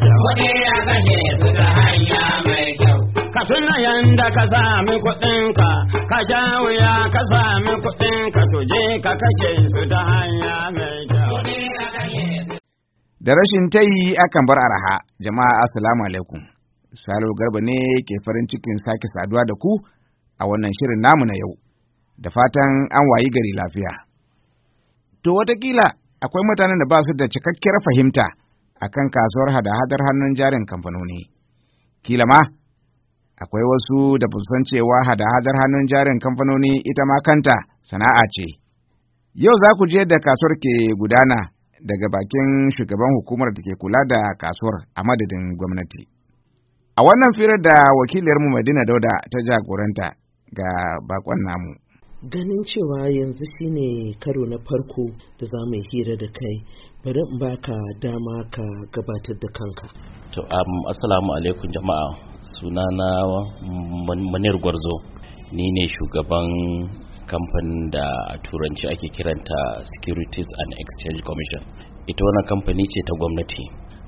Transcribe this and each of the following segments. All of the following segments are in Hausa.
Kuɗi a kashe ta hanya Ka yanda ka sami kuɗinka, ka ja wuya ka sami kuɗinka, kashe su ta hanya mai kyau. Da rashin tayi akan bar araha, jama'a assalamu alaikum. Salo Garba ne ke farin cikin sake saduwa da ku a wannan shirin namu na yau, da fatan an wayi gari lafiya. To watakila akwai mutanen da ba su da cikakkiyar fahimta. a kan kasuwar hada-hadar hannun jarin kamfanoni. Kila ma, akwai wasu da san cewa hada-hadar hannun jarin kamfanoni ita ma kanta sana'a ce. Yau za ku je da kasuwar ke gudana daga bakin shugaban hukumar da ke kula da kasuwar a madadin gwamnati. A wannan firar da wakiliyarmu Madina Dauda ta jagoranta ga bakon namu. Ganin cewa yanzu shine karo na farko da za mu yi hira da kai bari in baka dama ka gabatar da kanka to um, assalamu alaikum jama'a sunana manir gwarzo ni ne shugaban kamfanin da a turanci ake kiranta securities and exchange commission ita wannan kamfani ce ta gwamnati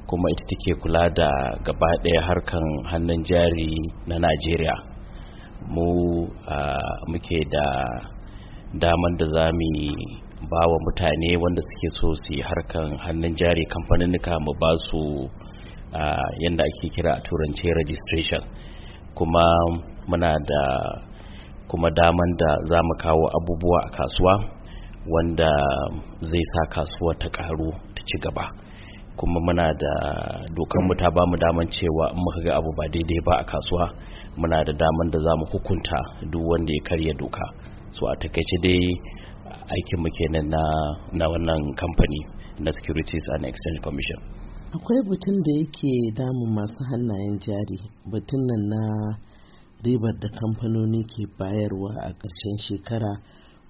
kuma ita take kula da gaba ɗaya harkan hannun jari na najeriya mu uh, muke da daman da za mu ba wa mutane wanda suke so su yi harkan hannun jari kamfanin kamfaninnika mu ba su yadda ake kira a turance registration kuma muna da kuma daman da za mu kawo abubuwa a kasuwa wanda zai sa kasuwa ta karu ta ci gaba kuma muna da dokar mu ta bamu daman cewa in muka ga abu ba daidai ba a kasuwa muna da daman da za mu hukunta duk wanda ya karya doka su a takaice dai aikin mu kenan na na wannan kamfani na securities and exchange commission akwai batun da yake damun masu hannayen jari batun nan na ribar da kamfanoni ke bayarwa a ƙarshen shekara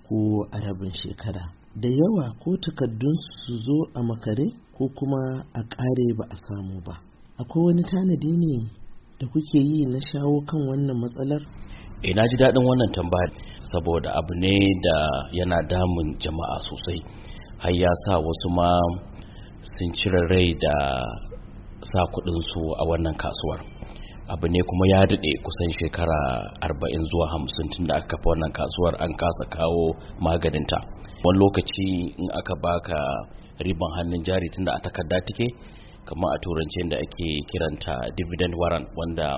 ko a rabin shekara da yawa ko takardun su zo a makare ko kuma a ƙare ba a samu ba akwai wani tanadi ne da kuke yi na shawo kan wannan matsalar e na ji daɗin wannan tambayar saboda abu ne da yana damun jama'a sosai har ya sa wasu ma sun cire rai da sa su a wannan kasuwar abu ne kuma ya daɗe kusan shekara 40 zuwa 50 tun da aka kafa wannan kasuwar an kasa kawo maganinta wani lokaci in aka baka riban hannun jari tun da a takarda take kamar a turance da ake kiranta dividend warrant wanda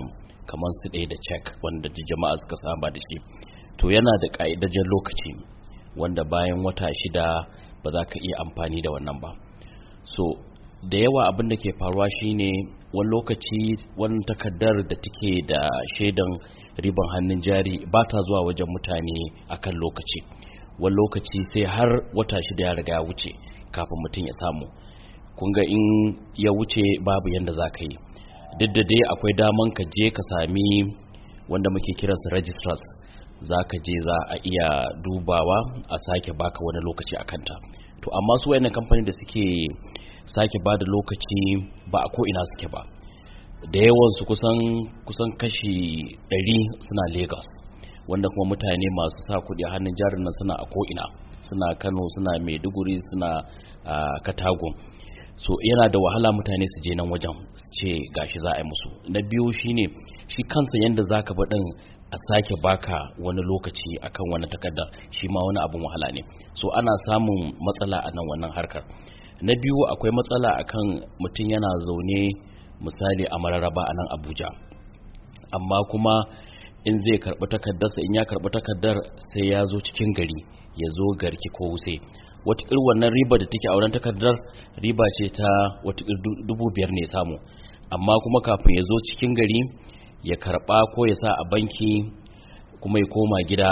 kamar su ɗaya da cek wanda jama'a suka saba da shi to yana da ƙa'idajen lokaci wanda bayan wata shida ba za ka iya amfani da wannan ba so da yawa abin da ke faruwa shine wani lokaci wani takardar da take da shaidan riban hannun jari ba ta zuwa wajen mutane akan lokaci wani lokaci sai har wata shida ya riga ya wuce kafin mutum ya samu kun in ya wuce babu yadda za ka yi duk da dai akwai daman ka je ka sami wanda muke kiransu registrars za ka je za a iya dubawa a sake baka wani lokaci a kanta to amma su wayannan kamfanin da suke sake ba da lokaci ba a ko'ina suke ba da yawansu kusan kusan kashi 100 suna lagos wanda kuma mutane masu sa kudi a hannun jarin nan suna a ko'ina suna kano suna maiduguri suna uh, katagun so yana da wahala mutane su je nan wajen su ce gashi za a yi musu na biyu shine shi kansa yanda zaka baɗin a sake baka wani lokaci akan wani takarda shi ma wani abin wahala ne so ana samun matsala a nan wannan harkar na biyu akwai matsala akan mutum yana zaune misali a mararaba a nan abuja amma kuma in zai karɓi takardarsa in ya karɓi takardar sai ya zo cikin gari ya zo garki ko wuse watakil wannan riba da take auren takardar riba ce ta watakil dubu biyar ne samu amma kuma kafin ya zo cikin gari ya karba ko ya sa a banki kuma ya koma gida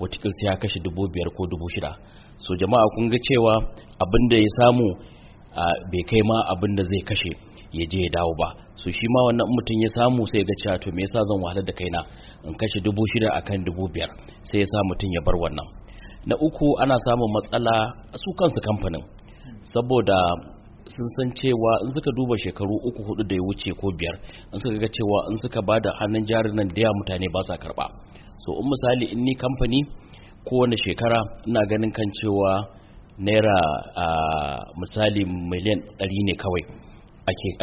watakil sai ya kashe dubu biyar ko dubu shida so jama'a kun ga cewa abin da ya samu bai kai ma abin da zai kashe ya je ya dawo ba so shi ma wannan mutum ya samu sai ga cewa to me yasa zan wahalar da kaina in kashe dubu shida akan dubu biyar sai ya sa mutum ya bar wannan na uku ana samun matsala su kansu kamfanin saboda sun san cewa in suka duba shekaru uku hudu da ya wuce ko biyar in suka ga cewa in suka ba da hannun jarin nan da mutane ba sa karba so in misali in ni kamfani kowane shekara ina ganin kan cewa naira a misali miliyan dari ne kawai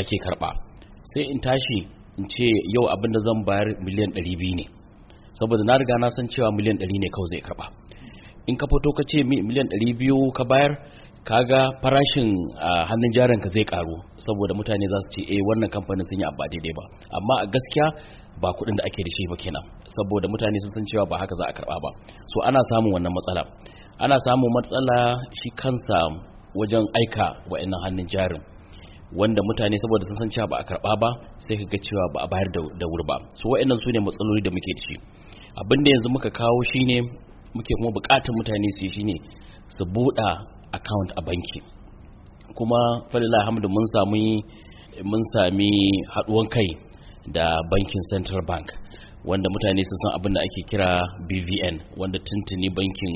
ake karba sai in tashi in ce yau abin da zan bayar miliyan biyu ne saboda na riga na san cewa miliyan ɗari ne kawai zai karba in ka fito ka ce miliyan 200 ka bayar kaga farashin hannun jarin ka zai karu saboda mutane za su ce eh wannan kamfanin sun yi abba daidai ba amma a gaskiya ba kuɗin da ake da shi ba kenan saboda mutane sun san cewa ba haka za a karba ba so ana samun wannan matsala ana samun matsala shi kansa wajen aika wa'annan hannun jarin wanda mutane saboda sun san cewa ba a karba ba sai ka ga cewa ba a bayar da wuri ba so wa'annan su ne matsaloli da muke da shi abinda yanzu muka kawo shine muke kuma bukatar mutane su yi shine su buɗa account a banki kuma falila hamdu mun sami mun sami haɗuwan kai da bankin central bank wanda mutane sun san abin da ake kira bvn wanda tuntuni bankin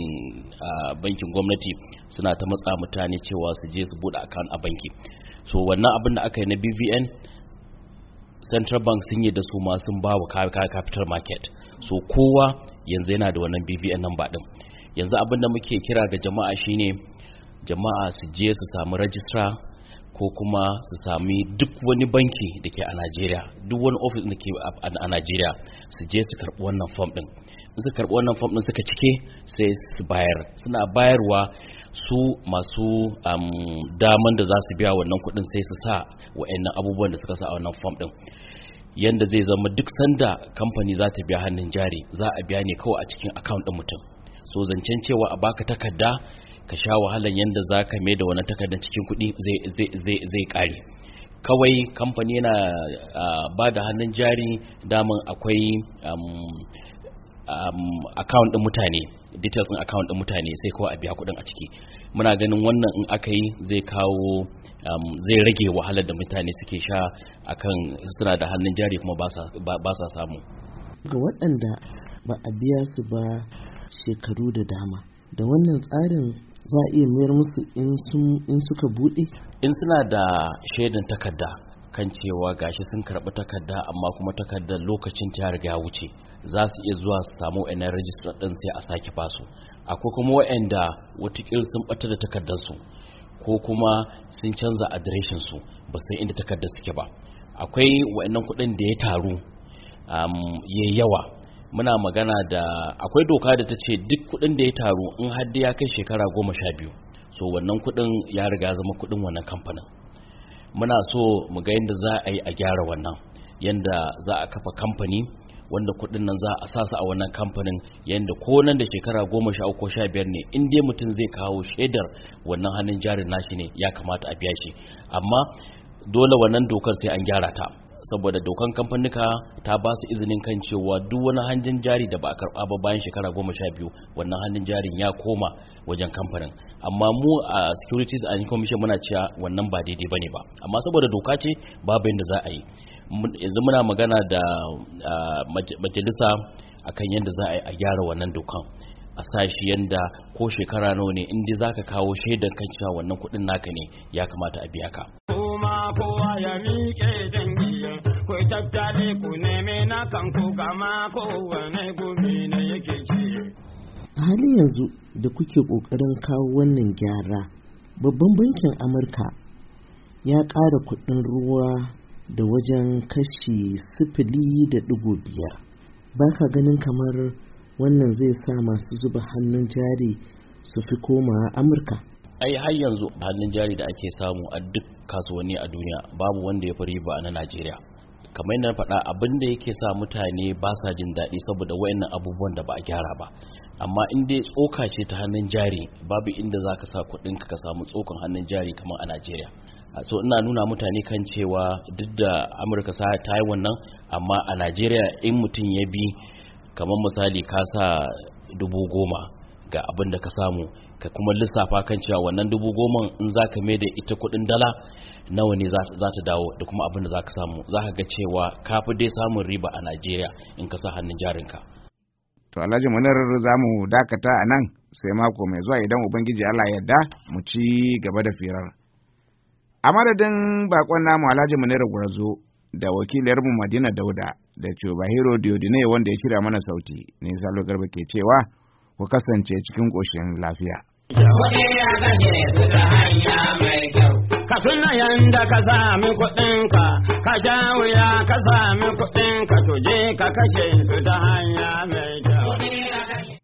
bankin gwamnati suna ta matsa mutane cewa su je su buɗe account a banki so wannan abin da aka yi na bvn central bank sun yi da su ma sun ba wa capital market so kowa yanzu yana da wannan bvn number din yanzu abin da muke kira ga jama'a shine jama'a su je su samu rajistra ko kuma su sami duk wani banki da ke a najeriya duk wani ofis da ke a najeriya su je su karɓi wannan fom ɗin su karbi wannan fom ɗin suka cike sai su bayar suna bayarwa su masu daman da za su biya wannan kuɗin sai su sa wa'annan abubuwan da suka sa a wannan fom ɗin yadda zai zama duk sanda kamfani za ta biya hannun jari za a biya ne kawai a cikin akawun ɗin mutum so zancen cewa a baka takarda ka sha wahalan yadda za ka mai da wannan takardar cikin kuɗi zai kare kawai kamfani yana ba da hannun jari daman akwai akawun ɗin mutane details din account din mutane sai kawai a biya kuɗin a ciki muna ganin wannan in aka yi zai kawo um, zai rage wahalar da mutane suke sha akan suna da hannun jari kuma ba sa samu ga waɗanda ba a biya su ba shekaru da dama da wannan tsarin za a iya mayar musu in suka buɗe. in suna da shaidan takarda kan cewa gashi sun karɓi takarda amma kuma takardar lokacin ta riga ya wuce za su iya zuwa su samu wa'annan rajistar ɗin sai a sake basu akwai kuma wa'anda watakila sun ɓata da takardarsu ko kuma sun canza adireshinsu su ba san inda takardar suke ba akwai wa'annan kuɗin da ya taru ya yawa muna magana da akwai doka da ta ce duk kuɗin da ya taru in har ya kai shekara goma sha biyu so wannan kuɗin ya riga zama kuɗin wannan kamfanin muna so mu ga yadda za a yi a gyara wannan yadda za a kafa kamfani wanda kudin nan za a sasa a wannan kamfanin yadda ko nan da shekara goma sha uku sha biyar ne in dai mutum zai kawo shaidar wannan hannun jarin nashi ne ya kamata a biya shi amma dole wannan dokar sai an gyara ta saboda dokan kamfanuka ta ba su izinin kan cewa duk wani hanjin jari da ba a karba ba bayan shekara goma sha biyu wannan hanjin jari ya koma wajen kamfanin amma mu a securities and commission muna cewa wannan ba daidai bane ba amma saboda doka ce babu yadda za a yi yanzu muna magana da majalisa akan yadda za a yi a gyara wannan dokan a sashi yadda ko shekara nawa ne inda za ka kawo shaidan kan cewa wannan kuɗin naka ne ya kamata a biya ka. kowa ya miƙe ku tattale ku neme na kanku kama kowane gumi ne yake ce. A halin yanzu da kuke ƙoƙarin kawo wannan gyara, babban bankin Amurka ya ƙara kuɗin ruwa da wajen kashi sifili da ɗigo biyar. Ba ka ganin kamar wannan zai sa masu zuba hannun jari su fi koma Amurka. ai har yanzu hannun jari da ake samu a duk kasuwanni a duniya babu wanda ya fi riba na najeriya kamar na faɗa abin da yake sa mutane ba sa jin daɗi saboda wayannan abubuwan da ba a gyara ba amma in dai tsoka ce ta hannun jari babu inda za ka sa kuɗin ka samu tsokan hannun jari kamar a najeriya so ina nuna mutane kan cewa duk da amurka sa ta yi wannan amma a najeriya in mutum ya bi kamar misali ka sa dubu goma ga abin da ka samu ka kuma lissafa kan cewa wannan dubu goma in za ka mai da ita kudin dala nawa ne za ta dawo da kuma abin da za ka samu za ka ga cewa ka fi dai samun riba a najeriya in ka sa hannun jarinka to alhaji munar za mu dakata a nan sai mako mai zuwa idan ubangiji allah yarda mu ci gaba da firar a madadin bakon namu alhaji munar gwarzo da wakilarmu madina dauda da cobahiro diodine wanda ya kira mana sauti ne salo garba ke cewa ku kasance cikin ƙoshin lafiya. Ka tuna yanda ka sami kuɗinka, ka ja wuya ka sami kuɗinka, to je ka kashe su ta hanya mai kyau.